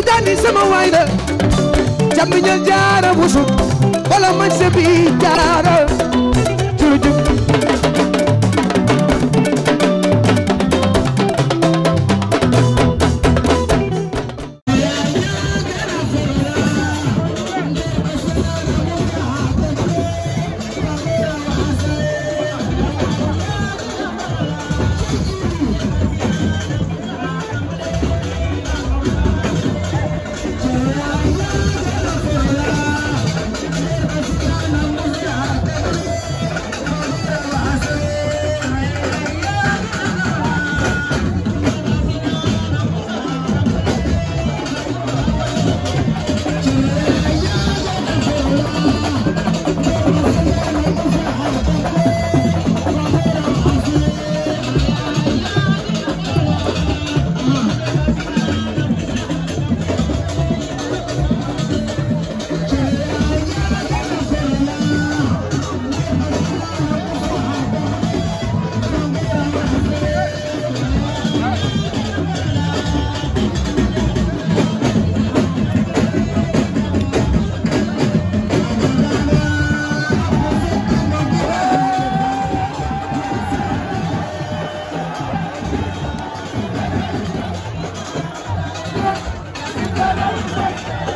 tijaani sama waay la jàmm ñal jaara busuk wala man sebi jaara Thank you.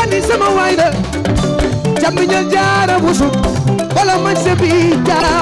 jaani sama waay da jàmm ñal jaara busu wala man se bi jaara